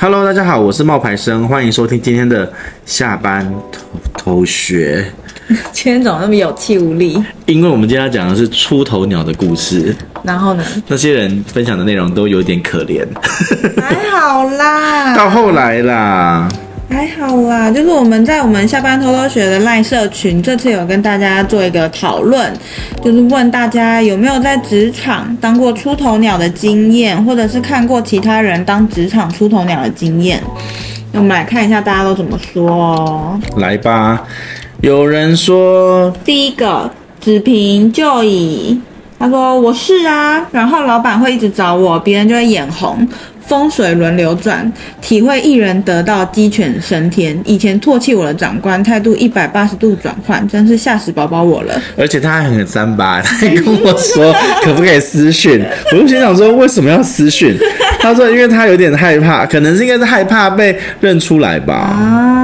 Hello，大家好，我是冒牌生，歡迎收聽今天的下班偷偷學。今天怎麼那麼有氣無力？因為我們今天要講的是出頭鳥的故事。然後呢？那些人分享的內容都有點可憐。還好啦。 到後來啦。還好啦，就是我們在我們下班偷偷學的 LINE 社群，這次有跟大家做一個討論，就是問大家有沒有在職場當過出頭鳥的經驗，或者是看過其他人當職場出頭鳥的經驗。那我們來看一下大家都怎麼說。來吧，有人說，第一個只憑就以他說我是啊，然後老闆會一直找我，別人就會眼紅。風水輪流轉，體會一人得道雞犬升天。以前唾棄我的長官態度一百八十度轉換，真是嚇死寶寶我了。而且他還很三八，他還跟我說可不可以私訊。 我就想說，為什麼要私訊？他說，因為他有點害怕，可能是應該是害怕被認出來吧。啊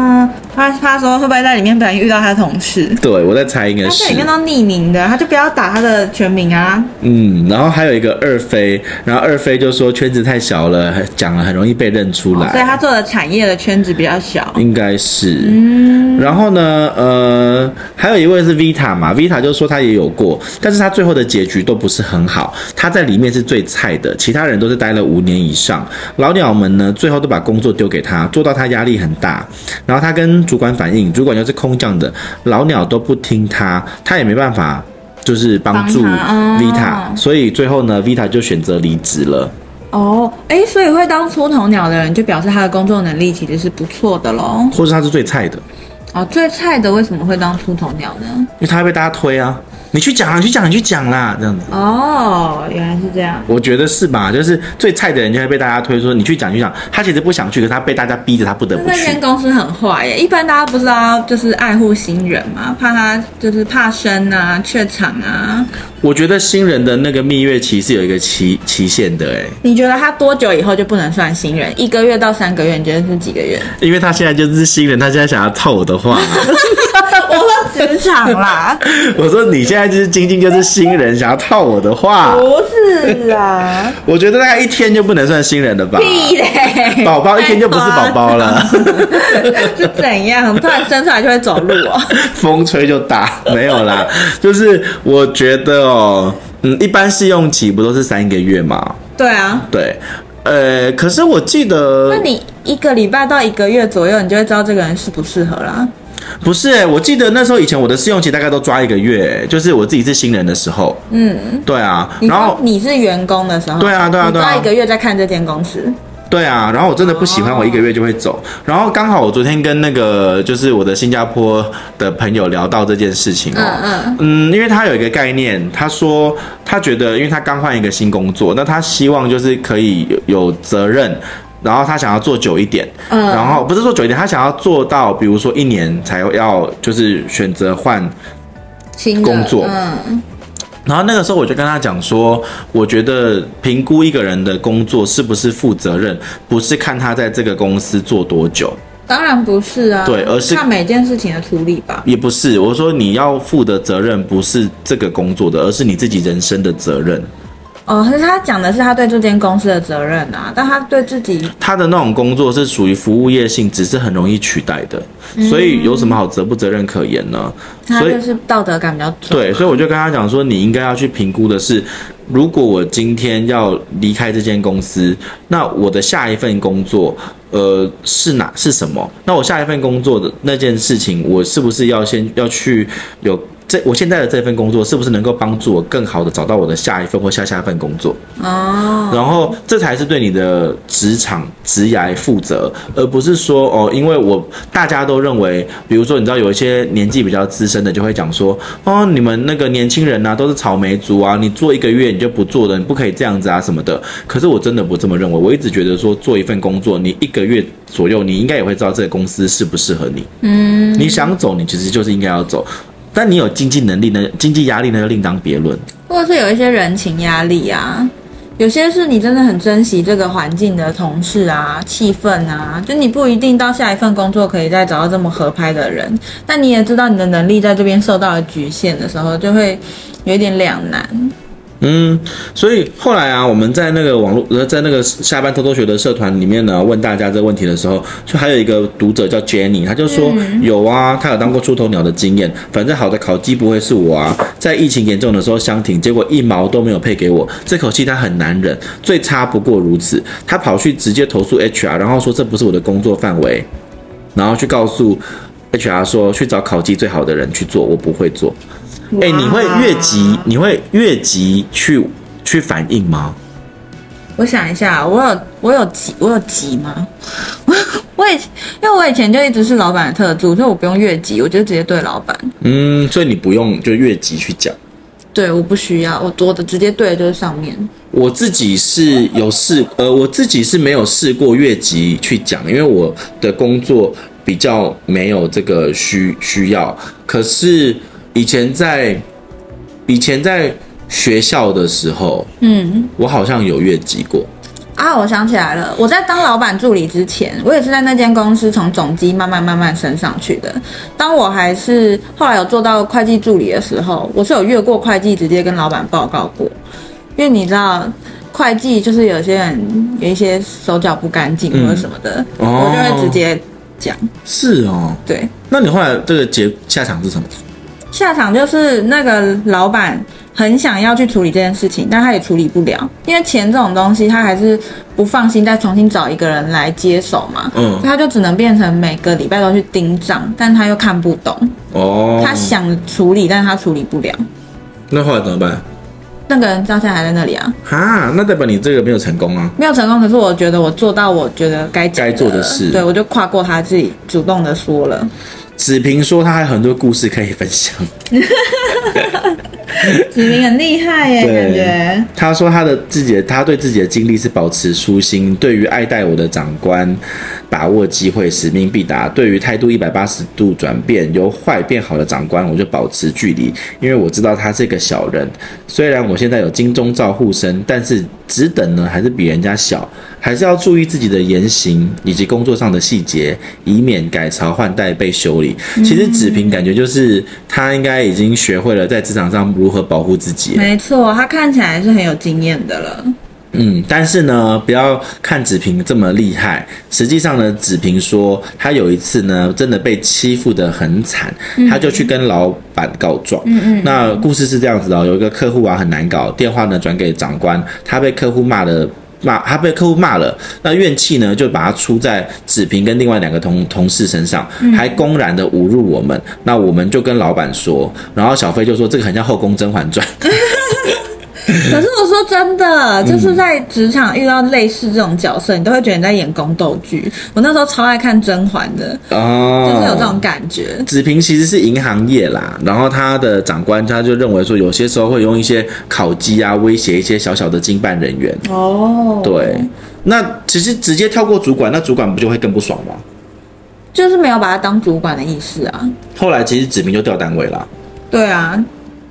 他他說會不會在裡面突然遇到他的同事？對，我在猜應該是。他在裡面都匿名的，他就不要打他的全名啊。嗯，然後還有一個二飛，然後二飛就說圈子太小了，講了很容易被認出來。哦，所以他做的產業的圈子比較小，應該是。嗯，然後呢，呃，還有一位是 Vita 嘛，Vita 就說他也有過，但是他最後的結局都不是很好，他在裡面是最菜的，其他人都是待了五年以上，老鳥們呢，最後都把工作丟給他，做到他壓力很大，然後他跟。主管反應，主管又是空降的，老鳥都不聽他，他也沒辦法，就是幫助 Vita，、哦、所以最後呢，Vita 就選擇離職了。哦，誒、欸，所以會當出頭鳥的人，就表示他的工作能力其實是不錯的嘍，或是他是最菜的。哦。最菜的為什麼會當出頭鳥呢？因為他會被大家推啊。你去講、啊，你去講、啊，你去講啦、啊，這樣子哦，oh, 原來是這樣，我覺得是吧？就是最菜的人就會被大家推說你去講，去講。他其實不想去，可是他被大家逼着他不得不去。那間公司很壞耶，一般大家不知道就是愛護新人嘛，怕他就是怕生啊、怯場啊。我覺得新人的那個蜜月期是有一個期期限的哎，你覺得他多久以後就不能算新人？一個月到三個月，你覺得是幾個月？因為他現在就是新人，他現在想要套我的話、啊。 我說職場啦。 我說你現在。就是晶晶就是新人，想要套我的話，不是啊。 我覺得大概一天就不能算新人了吧？屁嘞，寶寶一天就不是寶寶了。是 怎樣，突然生出來就會走路哦。 風吹就大，沒有啦。就是我覺得哦、喔，嗯，一般試用期不都是三個月嗎？對啊。對。呃、欸，可是我記得，那你一個禮拜到一個月左右，你就會知道這個人適不適合了。不是、欸，我記得那時候以前我的試用期大概都抓一個月、欸，就是我自己是新人的時候。嗯，對啊，然後你,你是員工的時候，對啊對啊，對啊對啊抓一個月再看這間公司。對啊，然後我真的不喜歡，哦、我一個月就會走。然後剛好我昨天跟那個就是我的新加坡的朋友聊到這件事情哦、喔，嗯嗯，嗯，因為他有一個概念，他說他覺得，因為他剛換一個新工作，那他希望就是可以有責任。然後他想要做久一點，嗯，然後不是說久一點，他想要做到，比如說一年才要，就是選擇換工作。新，嗯，然後那個時候我就跟他講說，我覺得評估一個人的工作是不是負責任，不是看他在這個公司做多久，當然不是啊，對，而是看每件事情的處理吧。也不是，我說你要負的責任不是這個工作的，而是你自己人生的責任。哦，可是他講的是他對這間公司的責任啊，但他對自己，他的那種工作是屬於服務業性質，只是很容易取代的，嗯，所以有什麼好責不責任可言呢？所以就是道德感比較重。對，所以我就跟他講說，你應該要去評估的是，如果我今天要離開這間公司，那我的下一份工作，呃，是哪是什麼？那我下一份工作的那件事情，我是不是要先要去有？我現在的這份工作是不是能夠幫助我更好的找到我的下一份或下下一份工作？哦，oh. 然後這才是對你的職場職涯負責，而不是說哦，因為我大家都認為，比如說你知道有一些年紀比較資深的就會講說，哦，你們那個年輕人吶、啊，都是草莓族啊，你做一個月你就不做了，你不可以這樣子啊什麼的。可是我真的不這麼認為，我一直覺得說做一份工作，你一個月左右你應該也會知道這個公司適不適合你。嗯，mm. 你想走，你其實就是應該要走。但你有經濟能力呢？經濟壓力呢，就另當別論。或者是有一些人情壓力啊，有些是你真的很珍惜這個環境的同事啊、氣氛啊，就你不一定到下一份工作可以再找到這麼合拍的人。但你也知道你的能力在這邊受到了局限的時候，就會有一點兩難。嗯，所以後來啊，我們在那個網絡，在那個下班偷偷學的社團裡面呢，問大家這個問題的時候，就還有一個讀者叫 Jenny，他就說、嗯、有啊，他有當過出頭鳥的經驗，反正好的烤雞不會是我啊，在疫情嚴重的時候相挺，相挺結果一毛都沒有配給我，這口氣他很難忍，最差不過如此，他跑去直接投訴 HR，然後說這不是我的工作範圍，然後去告訴 HR 說去找烤雞最好的人去做，我不會做。哎、欸，你會越級？你會越級去去反應嗎？我想一下，我有我有級，我有級嗎？我以因為我以前就一直是老板的特助，所以我不用越級，我就直接對老板。嗯，所以你不用就越級去講。對，我不需要，我多的直接對就是上面。我自己是有試過呃，我自己是沒有試過越級去講，因為我的工作比較沒有這個需需要。可是。以前在，以前在學校的時候，嗯，我好像有越級過啊！我想起來了，我在當老闆助理之前，我也是在那間公司從總機慢慢慢慢升上去的。當我還是後來有做到會計助理的時候，我是有越過會計直接跟老闆報告過，因為你知道，會計就是有些人有一些手腳不乾淨或者什麼的，嗯哦、我就會直接講。是哦，對。那你後來這個結下場是什麼？下場就是那個老闆很想要去處理這件事情，但他也處理不了，因為錢這種東西他還是不放心，再重新找一個人來接手嘛。嗯，他就只能變成每個禮拜都去盯賬，但他又看不懂。哦，他想處理，但他處理不了。那後來怎麼辦？那個人到現在還在那裡啊？哈，那代表你這個沒有成功啊？沒有成功，可是我覺得我做到，我覺得該該做的事。對，我就跨過他自己主動的說了。子平說，他還有很多故事可以分享。 子平很厲害耶，對感覺。他說他的自己，他對自己的經歷是保持初心。對於愛戴我的長官，把握機會，使命必達；對於態度一百八十度轉變，由壞變好的長官，我就保持距離，因為我知道他是個小人。雖然我現在有金鐘罩護身，但是職等呢還是比人家小。還是要注意自己的言行以及工作上的細節，以免改朝換代被修理。嗯嗯，其實子平感覺就是他應該已經學會了在職場上如何保護自己。沒錯，他看起來是很有經驗的了。嗯，但是呢，不要看子平這麼厲害，實際上呢，子平說他有一次呢，真的被欺負得很慘，他就去跟老闆告狀。嗯嗯、嗯，那故事是這樣子的哦，有一個客戶啊很難搞，電話呢轉給長官，他被客戶罵得。罵還被客戶罵了，那怨氣呢就把它出在子平跟另外兩個同同事身上，嗯、還公然的侮辱我們。那我們就跟老闆說，然後小飛就說這個很像後宮甄嬛傳。 可是我說真的，就是在職場遇到類似這種角色，嗯、你都會覺得你在演宮鬥劇。我那時候超愛看甄嬛的、哦、就是有這種感覺。子平其實是銀行業啦，然後他的長官他就認為說，有些時候會用一些考績啊威脅一些小小的經辦人員。哦，對，那其實直接跳過主管，那主管不就會更不爽嗎？就是沒有把他當主管的意思啊。後來其實子平就調單位了。對啊。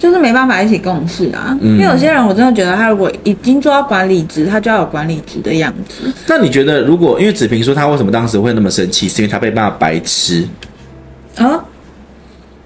就是沒辦法一起共事啊，嗯、因為有些人我真的覺得，他如果已經做到管理職，他就要有管理職的樣子。那你覺得，如果因為子平說他為什麼當時會那麼生氣，是因為他被罵白痴啊？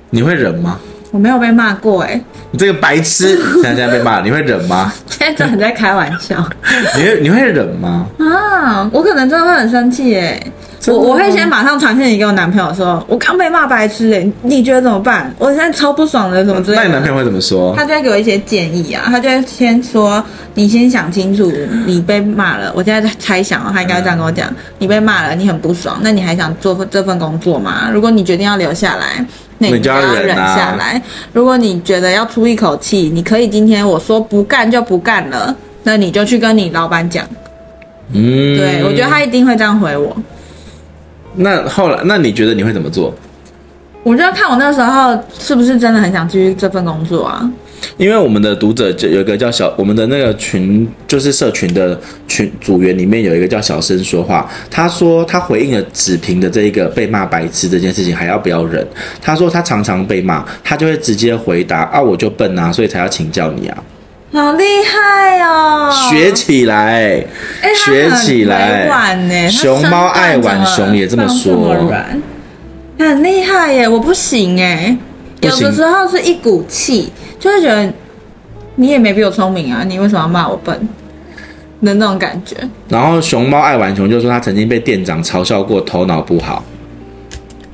你會忍嗎？我沒有被罵過哎、欸，你這個白痴，現在，現在被罵，你會忍嗎？ 現在真的很在開玩笑， 你會你會忍嗎？啊，我可能真的會很生氣哎、欸。我我會先馬上傳訊息給我男朋友說，我剛被罵白痴哎、欸，你覺得怎麼辦？我現在超不爽的，什麼之類。那、嗯、你男朋友會怎麼說？他就會給我一些建議啊，他就會先說，你先想清楚，你被罵了。我現在猜想了，他應該這樣跟我講，嗯、你被罵了，你很不爽，那你還想做這份工作嗎？如果你決定要留下來，那你就要忍下來。啊、如果你覺得要出一口氣，你可以今天我說不幹就不幹了，那你就去跟你老闆講。嗯，嗯對，我覺得他一定會這樣回我。那後來，那你覺得你會怎麼做？我就要看我那時候是不是真的很想繼續這份工作啊。因為我們的讀者就有一個叫小，我們的那個群就是社群的群組員裡面有一個叫小聲說話，他說他回應了子平的這一個被罵白痴這件事情還要不要忍？他說他常常被罵，他就會直接回答啊，我就笨啊，所以才要請教你啊。好厲害哦！學起來，欸很欸、學起來。熊貓愛玩熊也這麼說、欸，很厲害耶、欸！我不行哎、欸，不行，有的時候是一股氣，就會覺得你也沒比我聰明啊，你為什麼要罵我笨的那種感覺？然後熊貓愛玩熊就說他曾經被店長嘲笑過頭腦不好。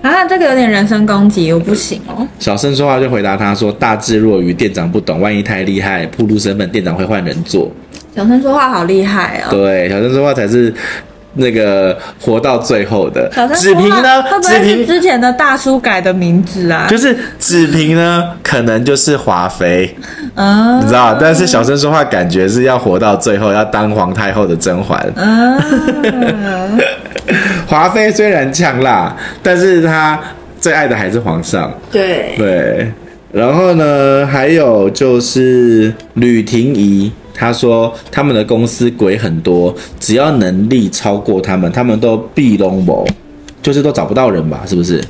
啊，這個有點人身攻擊，我不行哦。小生說話就回答他說：“大智若愚，店長不懂，萬一太厲害，暴露身份，店長會換人做。”小生說話好厲害啊、哦！對，小生說話才是。那個活到最後的子平呢？子平之前的大叔改的名字啊，子就是子平呢，可能就是華妃。嗯。你知道，但是小聲說話，感覺是要活到最後，要當皇太後的甄嬛。嗯、 華妃雖然嗆辣，但是她最愛的還是皇上。對對，然後呢，還有就是呂婷宜。他說他們的公司鬼很多，只要能力超過他們，他們都必龍謀。就是都找不到人吧？是不是？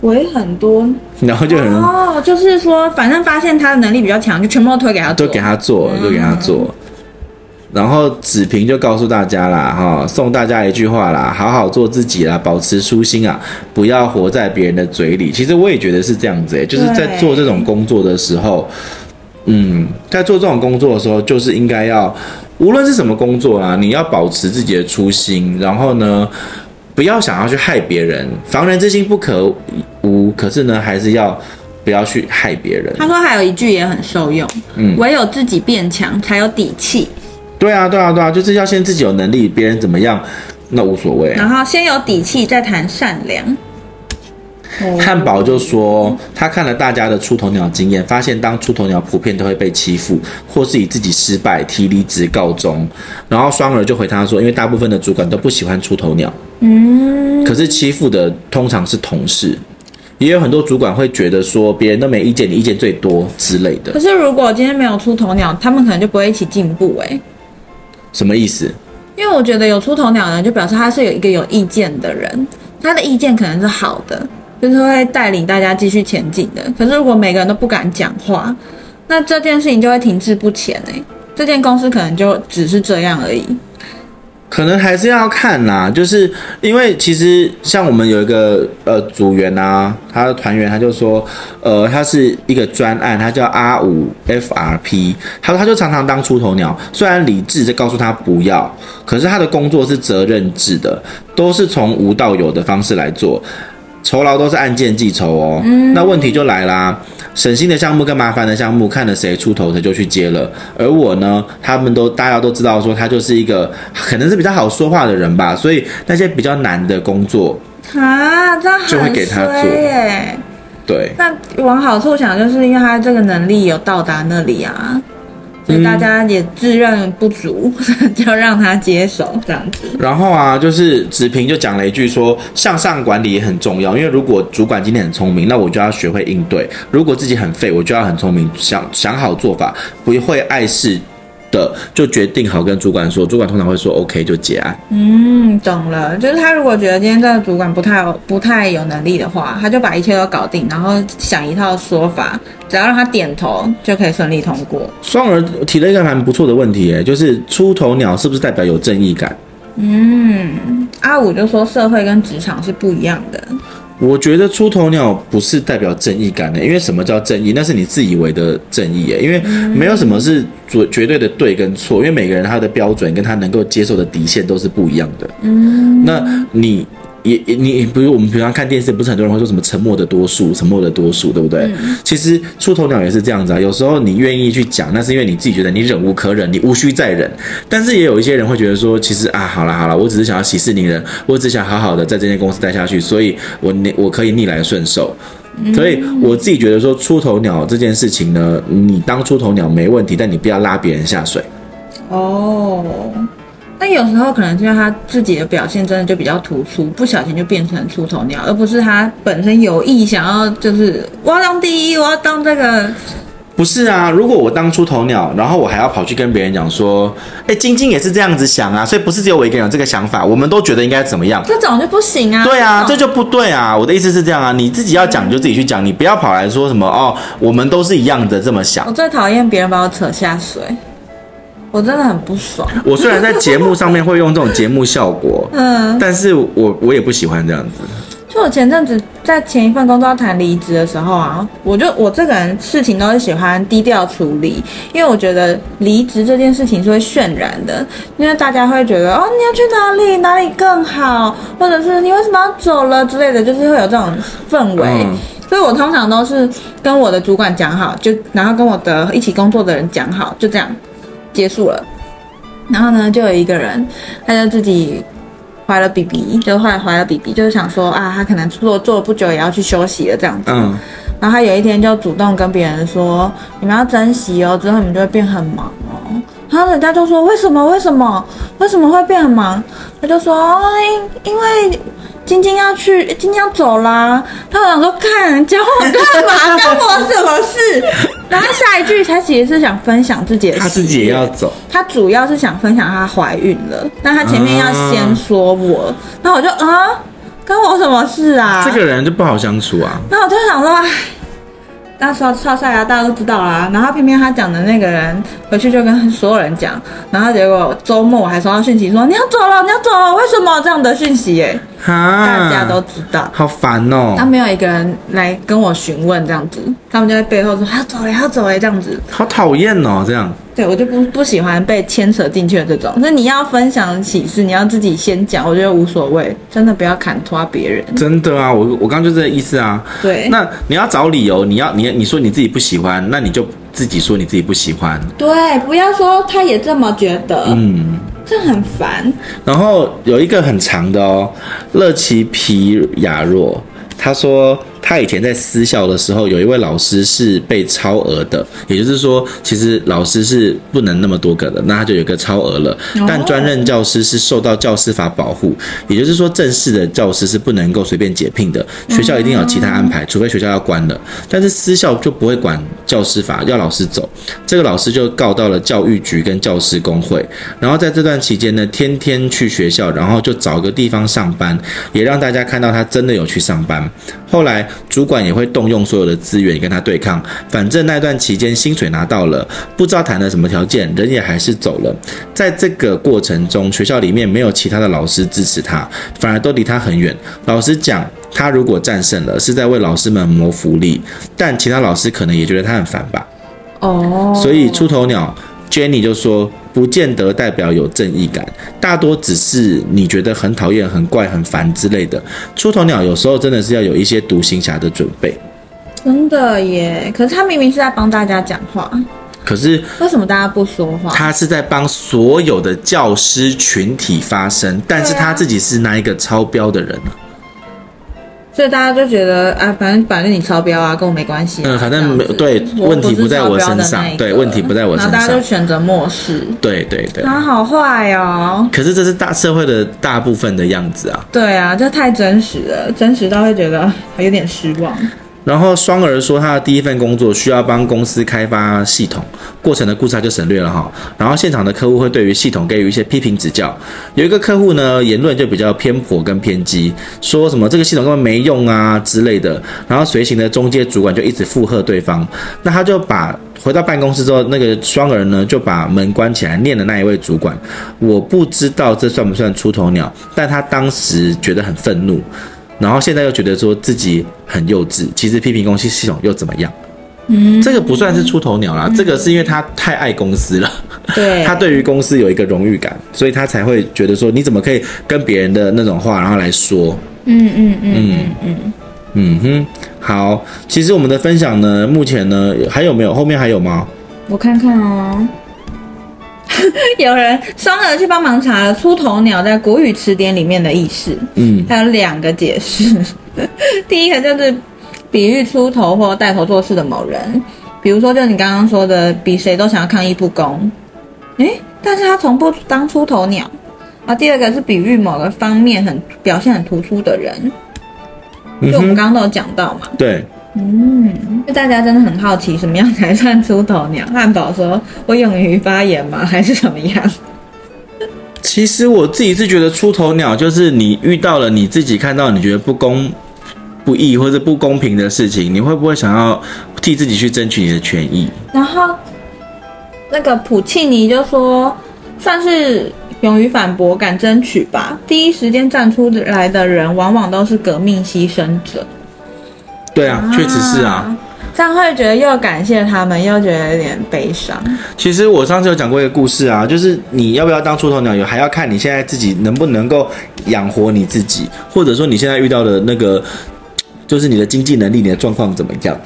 鬼很多，然後就很哦，就是說，反正發現他的能力比較強，就全部都推給他做，都給他做，都、嗯、給他做。然後子平就告訴大家啦，哈、哦，送大家一句話啦，好好做自己啦，保持初心啊，不要活在別人的嘴裡。其實我也覺得是這樣子誒、欸，就是在做這種工作的時候。嗯，在做這種工作的時候，就是應該要，無論是什麼工作啊，你要保持自己的初心，然後呢，不要想要去害別人，防人之心不可無，可是呢，還是要不要去害別人。他說還有一句也很受用，嗯，唯有自己變強，才有底氣。對啊，對啊，對啊，就是要先自己有能力，別人怎麼樣，那無所謂。然後先有底氣，再談善良。漢堡就說他看了大家的出頭鳥經驗，發現當出頭鳥普遍都會被欺負，或是以自己失敗提離職告終。然後雙兒就回他說，因為大部分的主管都不喜歡出頭鳥。嗯，可是欺負的通常是同事，也有很多主管會覺得說別人都沒意見，你意見最多之類的。可是如果今天沒有出頭鳥，他們可能就不會一起進步。誒，什麼意思？因為我覺得有出頭鳥呢，就表示他是有一個有意見的人，他的意見可能是好的。就是會帶領大家繼續前進的。可是如果每個人都不敢講話，那這件事情就會停滯不前哎、欸。這間公司可能就只是這樣而已。可能還是要看啦、啊。就是因為其實像我們有一個呃組員啊，他的團員他就說，呃，他是一個專案，他叫阿五 F R P，他說他就常常當出頭鳥，雖然理智在告訴他不要，可是他的工作是責任制的，都是從無到有的方式來做。酬勞都是按件計酬哦，嗯、那問題就來啦。省心的項目跟麻煩的項目，看了誰出頭，誰就去接了。而我呢，他們都大家都知道，說他就是一個可能是比較好說話的人吧，所以那些比較難的工作啊，就會給他做、啊這很衰欸、對，那往好處想，就是因為他這個能力有到達那裡啊。所以大家也自認不足，嗯、 就讓他接手這樣子。然後啊，就是子平就講了一句說，向上管理也很重要。因為如果主管今天很聰明，那我就要學會應對；如果自己很廢，我就要很聰明，想想好做法，不會礙事。的就決定好跟主管說，主管通常會說 OK 就結案。嗯，懂了，就是他如果覺得今天這個主管不太不太有能力的話，他就把一切都搞定，然後想一套說法，只要讓他點頭就可以順利通過。雙兒提了一個蠻不錯的問題，欸，就是出頭鳥是不是代表有正義感？嗯，阿五就說社會跟職場是不一樣的。我覺得出頭鳥不是代表正義感的欸，因為什麼叫正義？那是你自以為的正義欸，因為沒有什麼是絕絕對的對跟錯，因為每個人他的標準跟他能夠接受的底線都是不一樣的。嗯，那你。也，也你比如我們平常看電視，不是很多人會說什麼沉默的多數，沉默的多數，對不對？嗯。其實出頭鳥也是這樣子啊。有時候你願意去講，那是因為你自己覺得你忍無可忍，你無需再忍。但是也有一些人會覺得說，其實啊，好了好了，我只是想要息事寧人，我只想好好的在這間公司待下去，所以我我我可以逆來順受。所以我自己覺得說，出頭鳥這件事情呢，你當出頭鳥沒問題，但你不要拉別人下水。哦。那有時候可能就是他自己的表現真的就比較突出，不小心就變成出頭鳥，而不是他本身有意想要就是我要當第一，我要當這個。不是啊，如果我當出頭鳥，然後我還要跑去跟別人講說，哎、欸，晶晶也是這樣子想啊，所以不是只有我一個人有這個想法，我們都覺得應該怎麼樣，這種就不行啊。對啊，這種。這就不對啊。我的意思是這樣啊，你自己要講就自己去講，你不要跑來說什麼哦，我們都是一樣的這麼想。我最討厭別人把我扯下水。我真的很不爽。我雖然在節目上面會用這種節目效果， 嗯，但是我我也不喜歡這樣子。就我前陣子在前一份工作要談離職的時候啊，我就我這個人事情都是喜歡低調處理，因為我覺得離職這件事情是會渲染的，因為大家會覺得哦，你要去哪裡，哪裡更好，或者是你為什麼要走了之類的，就是會有這種氛圍，嗯。所以我通常都是跟我的主管講好，就然後跟我的一起工作的人講好，就這樣。結束了，然後呢，就有一個人，他就自己懷了 BB，就後來懷了 BB，就是想說啊，他可能做做了不久也要去休息了這樣子。嗯，然後他有一天就主動跟別人說：“你們要珍惜哦，之後你們就會變很忙哦。”然後人家就說：“為什麼？為什麼？為什麼會變很忙？”他就說：“哦、因為晶晶要去，晶晶要走啦。”他想說：“看，人家幹嘛，幹 我什麼事？”然後下一句，他其實是想分享自己的事，他自己也要走，他主要是想分享他懷孕了。那他前面要先說我，那、啊、我就啊，幹我什麼事啊？這個人就不好相處啊。那我就想說。唉大家刷刷刷牙，大家都知道啦、啊。然後偏偏他講的那個人回去就跟所有人講，然後結果周末我還收到訊息說你要走了，你要走了，為什麼這樣的訊息？誒大家都知道，啊、好煩哦！他沒有一個人來跟我詢問這樣子，他們就在背後說：「要走了，要走了！」這樣子，好討厭哦，這樣。對，我就不不喜歡被牽扯進去的這種。那你要分享喜事，你要自己先講，我覺得無所謂，真的不要牽拖別人。真的啊，我我剛就這個意思啊。對。那你要找理由，你要你你說你自己不喜歡，那你就自己說你自己不喜歡。對，不要說他也這麼覺得。嗯。這很煩，然後有一個很長的哦，樂其皮雅若，他說。他以前在私校的時候，有一位老師是被超額的，也就是說，其實老師是不能那麼多個的，那他就有個超額了。但專任教師是受到教師法保護，也就是說，正式的教師是不能夠隨便解聘的，學校一定有其他安排，除非學校要關了。但是私校就不會管教師法，要老師走，這個老師就告到了教育局跟教師工會。然後在這段期間呢，天天去學校，然後就找個地方上班，也讓大家看到他真的有去上班。後來主管也會動用所有的資源跟他對抗，反正那段期間薪水拿到了，不知道談了什麼條件，人也還是走了。在這個過程中，學校裡面沒有其他的老師支持他，反而都離他很遠。老實講，他如果戰勝了，是在為老師們謀福利，但其他老師可能也覺得他很煩吧。哦，oh. 所以出頭鳥 Jenny 就說。不見得代表有正義感，大多只是你覺得很討厭、很怪、很煩之類的。出頭鳥有時候真的是要有一些獨行俠的準備。真的耶，可是他明明是在幫大家講話，可是為什麼大家不說話？他是在幫所有的教師群體發聲，但是他自己是那一個超標的人。所以大家就覺得啊，反正反正你超標啊，跟我沒關係、啊。嗯，反正沒有，對，問題不在我身上，對，問題不在我身上。那大家就選擇漠視。對，對對對。哪、啊、好壞哦？可是這是大社會的大部分的樣子啊。對啊，這太真實了，真實到會覺得有點失望。然後雙兒說，他的第一份工作需要幫公司開發系統，過程的故事他就省略了哈。然後現場的客戶會對於系統給予一些批評指教，有一個客戶呢言論就比較偏頗跟偏激，說什麼這個系統根本沒用啊之類的。然後隨行的中介主管就一直附和對方，那他就把回到辦公室之後，那個雙兒呢就把門關起來，念了那一位主管。我不知道這算不算出頭鳥，但他當時覺得很憤怒。然後現在又覺得說自己很幼稚，其實批評公司系統又怎麼樣？嗯，這個不算是出頭鳥啦。嗯、這個是因為他太愛公司了，對、嗯， 他對於公司有一個榮譽感，對所以他才會覺得說，你怎麼可以跟別人的那種話然後來說？嗯嗯嗯嗯嗯嗯，嗯，好，其實我們的分享呢，目前呢還有沒有？後面還有嗎？我看看哦。 有人雙兒去幫忙查了“出頭鳥”在《國語詞典》裡面的意思。嗯，它有兩個解釋。 第一個就是比喻出頭或帶頭做事的某人，比如說，就你剛剛說的，比誰都想要抗議不公。哎、欸，但是他從不當出頭鳥啊。第二個是比喻某個方面很表現很突出的人。就我們剛剛都有講到嘛。嗯、對。嗯，就大家真的很好奇，什麼樣才算出頭鳥？漢堡說：“我勇於發言嗎？還是什麼樣？”其實我自己是覺得，出頭鳥就是你遇到了你自己看到你覺得不公、不義或者不公平的事情，你會不會想要替自己去爭取你的權益？然後那個普契尼就說：“算是勇於反駁、敢爭取吧。第一時間站出來的人，往往都是革命犧牲者。”對啊，確實是啊，這樣會覺得又感謝他們，又覺得有點悲傷。其實我上次有講過一個故事啊，就是你要不要當出頭鳥有，還要看你現在自己能不能夠養活你自己，或者說你現在遇到的那個，就是你的經濟能力，你的狀況怎麼樣。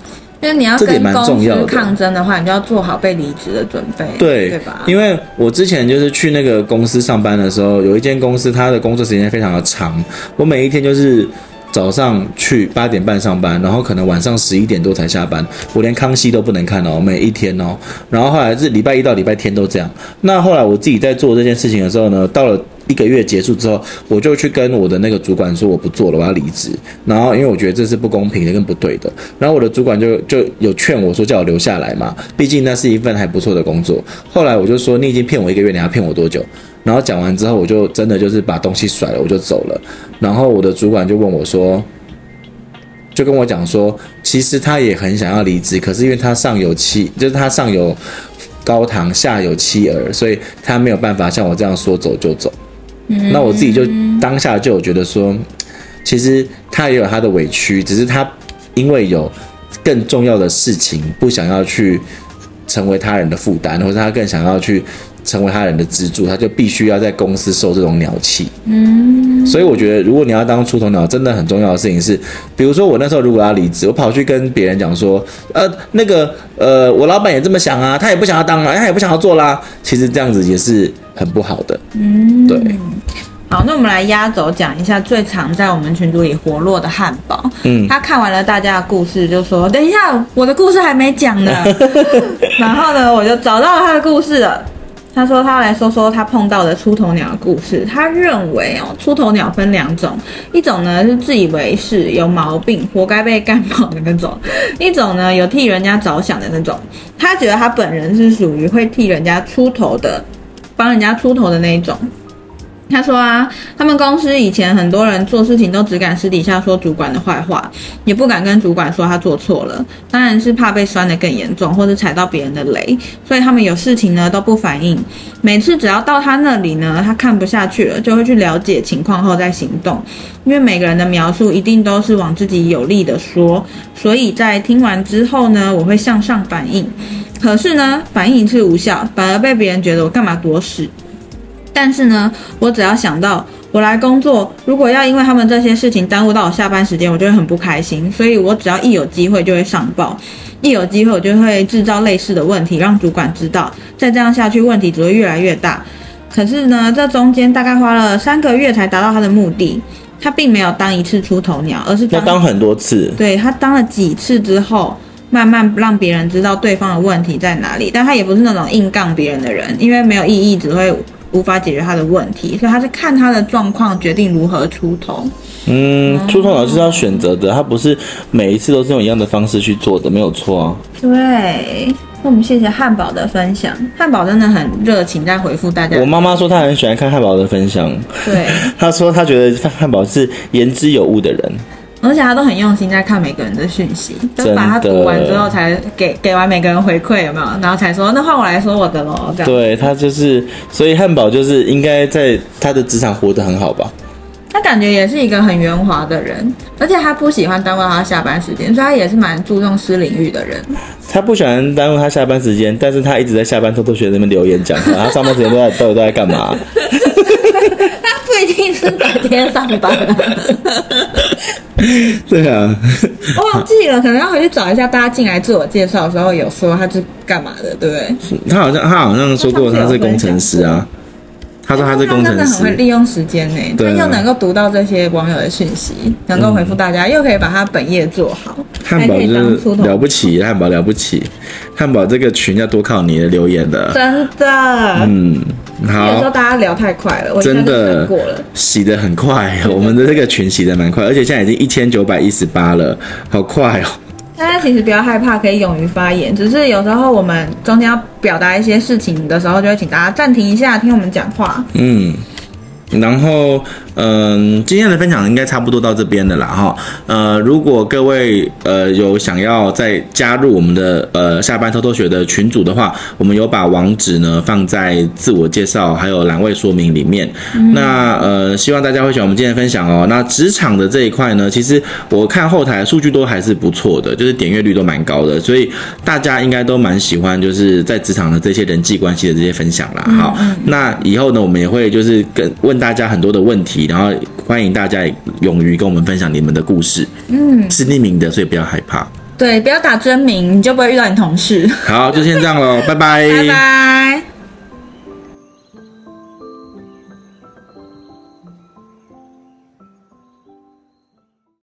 因為你要跟公司抗爭的話，你就要做好被離職的準備，對，對吧？因為我之前就是去那個公司上班的時候，有一間公司，它的工作時間非常的長，我每一天就是。早上去八點半上班，然後可能晚上十一點多才下班。我連康熙都不能看哦，每一天哦。然後後來是禮拜一到禮拜天都這樣。那後來我自己在做這件事情的時候呢，到了一個月結束之後，我就去跟我的那個主管說，我不做了，我要離職。然後因為我覺得這是不公平的跟不對的。然後我的主管就就有勸我說，叫我留下來嘛，畢竟那是一份還不錯的工作。後來我就說，你已經騙我一個月，你還騙我多久？然後講完之後，我就真的就是把東西甩了，我就走了。然後我的主管就問我說，就跟我講說，其實他也很想要離職，可是因為他上有妻，就是他上有高堂，下有妻兒，所以他沒有辦法像我這樣說走就走。那我自己就當下就有覺得說，其實他也有他的委屈，只是他因為有更重要的事情，不想要去成為他人的負擔，或者他更想要去。成為他人的支柱，他就必須要在公司受這種鳥氣。嗯，所以我覺得，如果你要當出頭鳥，真的很重要的事情是，比如說我那時候如果要離職，我跑去跟別人講說，呃，那個，呃，我老闆也這麼想啊，他也不想要當了、啊，他也不想要做啦、啊。其實這樣子也是很不好的。嗯，對。好，那我們來壓軸講一下最常在我們群組裡活絡的漢堡。嗯，他看完了大家的故事，就說：“等一下，我的故事還沒講呢。” 然後呢，我就找到了他的故事了。他說：“他來說說他碰到的出頭鳥的故事。他認為哦，出頭鳥分兩種，一種呢是自以為是有毛病，活該被幹跑的那種；一種呢有替人家着想的那種。他覺得他本人是屬於會替人家出頭的，幫人家出頭的那一種。”他說啊，他們公司以前很多人做事情都只敢私底下說主管的壞話，也不敢跟主管說他做錯了，當然是怕被酸得更嚴重，或是踩到別人的雷，所以他們有事情呢都不反應，每次只要到他那裡呢，他看不下去了，就會去了解情況後再行動。因為每個人的描述一定都是往自己有利的說，所以在聽完之後呢，我會向上反映。可是呢，反映一次無效，反而被別人覺得我幹嘛躲屎。但是呢，我只要想到我來工作，如果要因為他們這些事情耽誤到我下班時間，我就會很不開心。所以我只要一有機會就會上報，一有機會我就會製造類似的問題，讓主管知道。再這樣下去，問題只會越來越大。可是呢，這中間大概花了三個月才達到他的目的。他並沒有當一次出頭鳥，而是當他當很多次。對他當了幾次之後，慢慢讓別人知道對方的問題在哪裡。但他也不是那種硬槓別人的人，因為沒有意義，只會。無法解決他的問題，所以他是看他的狀況決定如何出頭。嗯，出頭也是要選擇的，他不是每一次都是用一樣的方式去做的，沒有錯啊。對，那我們謝謝漢堡的分享，漢堡真的很熱情在回復大家。我媽媽說她很喜歡看漢堡的分享，對，她說她覺得漢堡是言之有物的人。而且他都很用心在看每個人的訊息，都、就是、把他讀完之後才給給完每個人回饋有沒有？然後才說那換我來說我的嘍。對，他就是，所以漢堡就是應該在他的職場活得很好吧。他感覺也是一個很圓滑的人，而且他不喜歡耽誤他下班時間，所以他也是蠻注重私領域的人。他不喜歡耽誤他下班時間，但是他一直在下班偷偷學那邊留言講，他上班時間都在 都、都在幹嘛、啊？他不一定是白天上班、啊。 對啊，我忘記了，好可能要回去找一下。大家進來自我介紹的時候有說他是幹嘛的，對不對？他好像他好像說過他是工程師啊。他說他是工程師。嗯、他很會利用時間呢、欸，啊、他又能夠讀到這些網友的訊息，能夠回復大家，嗯、又可以把他本業做好。漢堡就是了不起，漢堡了不起，漢堡這個群要多靠你的留言的，真的，嗯。好有時候大家聊太快了，我現在過了真的洗的很快哦，我們的這個群洗的蠻快， 而且現在已經一千九百一十八了，好快哦！大家其實不要害怕，可以勇於發言，只是有時候我們中間要表達一些事情的時候，就會請大家暫停一下，聽我們講話。嗯，然後。嗯、呃，今天的分享應該差不多到這邊的啦。哈、哦。呃，如果各位呃有想要再加入我們的呃下班偷偷學的群組的話，我們有把網址呢放在自我介紹還有欄位說明裡面。嗯、那呃，希望大家會喜歡我們今天的分享哦。那職場的這一塊呢，其實我看後台數據都還是不錯的，就是點閱率都蠻高的，所以大家應該都蠻喜歡就是在職場的這些人際關係的這些分享啦。哈、嗯。那以後呢，我們也會就是跟問大家很多的問題。然後歡迎大家也勇於跟我們分享你們的故事，嗯，是匿名的，所以不要害怕。對，不要打真名，你就不會遇到你同事。好，就先這樣嘍， 拜拜，拜拜。